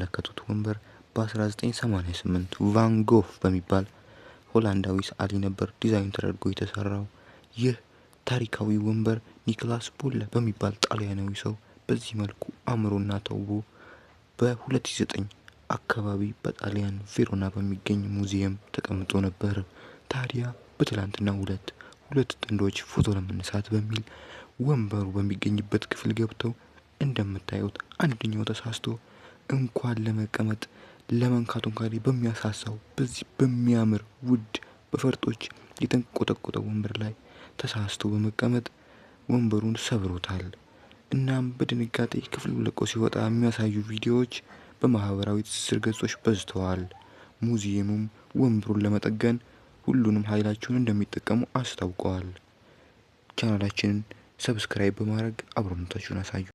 የምትመለከቱት ወንበር በ1988 ቫን ጎፍ በሚባል ሆላንዳዊ ሰዓሊ ነበር ዲዛይን ተደርጎ የተሰራው። ይህ ታሪካዊ ወንበር ኒክላስ ቦለ በሚባል ጣሊያናዊ ሰው በዚህ መልኩ አምሮና ተውቦ በ2009 አካባቢ በጣሊያን ቬሮና በሚገኝ ሙዚየም ተቀምጦ ነበር። ታዲያ በትላንትና ሁለት ሁለት ጥንዶች ፎቶ ለመነሳት በሚል ወንበሩ በሚገኝበት ክፍል ገብተው እንደምታዩት አንደኛው ተሳስቶ እንኳን ለመቀመጥ ለመንካቱ እንኳን በሚያሳሳው በዚህ በሚያምር ውድ በፈርጦች የተንቆጠቆጠ ወንበር ላይ ተሳስቶ በመቀመጥ ወንበሩን ሰብሮታል። እናም በድንጋጤ ክፍሉ ለቆ ሲወጣ የሚያሳዩ ቪዲዮዎች በማህበራዊ ትስስር ገጾች በዝተዋል። ሙዚየሙም ወንበሩን ለመጠገን ሁሉንም ኃይላቸውን እንደሚጠቀሙ አስታውቀዋል። ቻናላችንን ሰብስክራይብ በማድረግ አብሮነታችሁን አሳዩ።